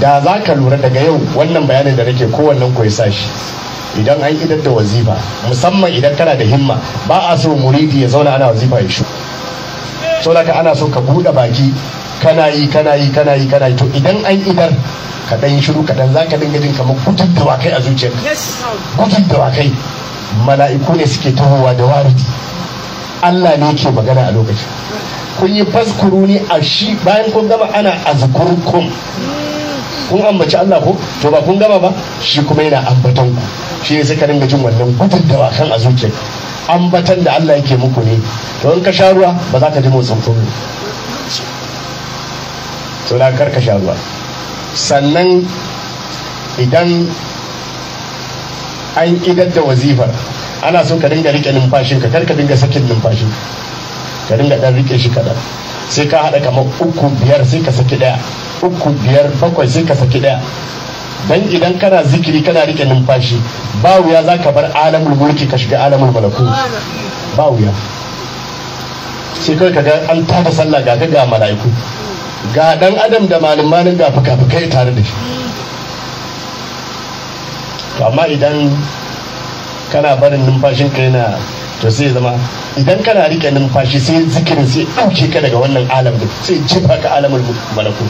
da za ka lura daga yau wannan bayanin da nake kowannen ku sa shi idan an idar da wazifa musamman idan kana da himma ba a so muridi ya zauna ana wazifa ya shu so da ana so ka buɗe baki kana yi kana yi kana yi kana yi to idan an idar ka dan shiru ka dan zaka dinga jin kamar gudun dawakai a zuciyarka gudun dawakai mala'iku ne suke tahowa da waridi Allah ne ke magana a lokacin kun yi faskuru ne a shi bayan kun gama ana azkurkum kun ambaci Allah ko to ba kun gama ba shi kuma yana ambaton ku shi ne suka dinga jin wannan gudun da kan a zuciya ambatan da Allah yake muku ne to in ka sha ruwa ba za ka ji motsin ku to da kar ka sha ruwa sannan idan an idar da wazifar ana so ka dinga rike numfashinka kar ka dinga sakin numfashin ka dinga dan rike shi kadan sai ka haɗa kamar uku biyar sai ka saki ɗaya uku biyar bakwai sai ka saki ɗaya dan idan kana zikiri kana rike numfashi ba wuya za ka bar alamul mulki ka shiga alamul malaku ba wuya sai kawai ga an tada sallah ga ga mala'iku ga dan adam da malumanin ga fuka-fukai tare da shi amma idan kana barin numfashin ka yana to sai zama idan kana rike numfashi sai zikirin sai ɗauke ka daga wannan alam sai jefa ka alamul malaku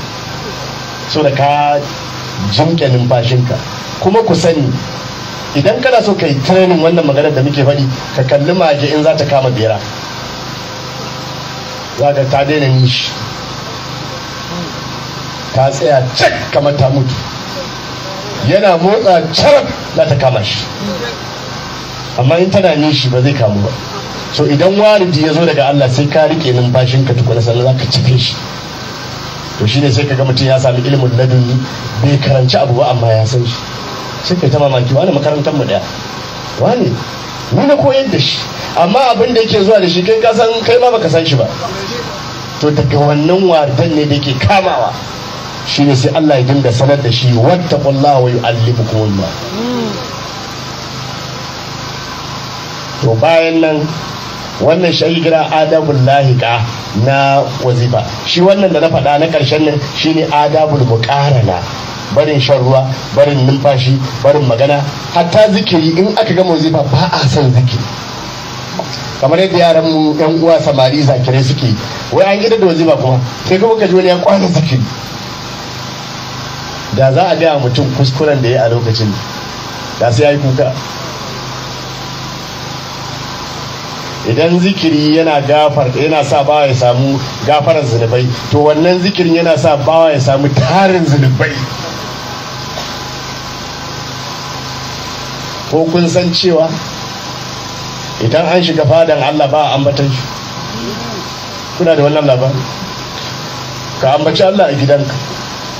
so da ka jimke numfashinka kuma ku sani idan kana so ka yi training wannan maganar da muke faɗi ka kalli mage in za ta kama bera za ka ta daina nishi ta tsaya cak kamar ta mutu yana motsa carab za ta kama shi amma in tana nishi ba zai kamu ba so idan waridi ya zo daga allah sai ka rike numfashinka tukuna sannan za ka cife shi to shine sai kaga mutum ya sami ilimin laduni bai karanci abu ba amma ya san shi sai kai ta mamaki wani makarantar mu daya wani ni na koyar da shi amma abin da yake zuwa da shi kai kasan kai ma baka san shi ba to daga wannan wardan ne da ke kamawa shine sai Allah ya dinga sanar da shi wattaqullaha wa yu'allimukum Allah mm. to bayan nan wannan shahidira adabul lahika na wazifa shi wannan da na faɗa na ƙarshen nan shine adabul na. barin shan ruwa barin numfashi barin magana hatta zikiri in aka gama wazifa ba a son zikiri kamar yadda yaran mu yan uwa samari zakirai suke wai an gida da wazifa kuma sai kuma ka ji wani ya kwana zikiri da za a gaya mutum kuskuren da ya a lokacin da sai ya yi kuka idan zikiri yana gafar yana sa bawa ya samu gafarar zunubai to wannan zikirin yana sa bawa ya samu tarin zunubai ko kun san cewa idan an shiga fadan Allah ba ambatan shi kuna da wannan labari ka ambaci Allah a gidanka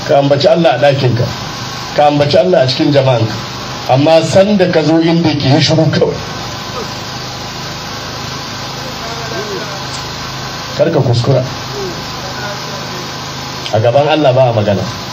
ka ambaci Allah a ɗakinka ka ambaci Allah a cikin jama'anka amma sanda ka zo inda ke shiru kawai karka kuskura a gaban Allah ba a magana